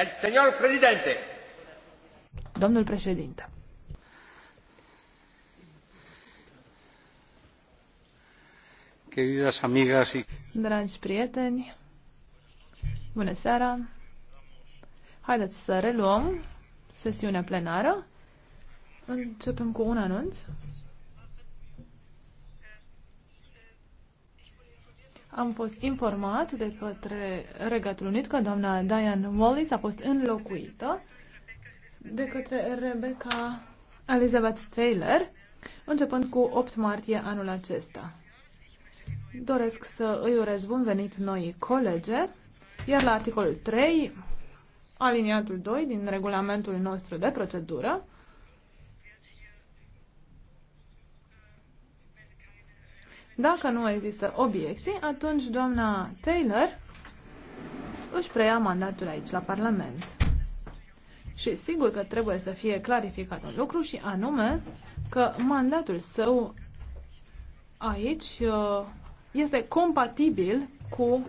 El señor presidente. Domnul președinte. Queridas amigas y... Dragi prieteni, bună seara. Haideți să reluăm sesiunea plenară. Începem cu un anunț. Am fost informat de către Regatul Unit că doamna Diane Wallis a fost înlocuită de către Rebecca Elizabeth Taylor, începând cu 8 martie anul acesta. Doresc să îi urez bun venit noi colege, iar la articolul 3, aliniatul 2 din regulamentul nostru de procedură, Dacă nu există obiecții, atunci doamna Taylor își preia mandatul aici, la Parlament. Și sigur că trebuie să fie clarificat un lucru și anume că mandatul său aici uh, este compatibil cu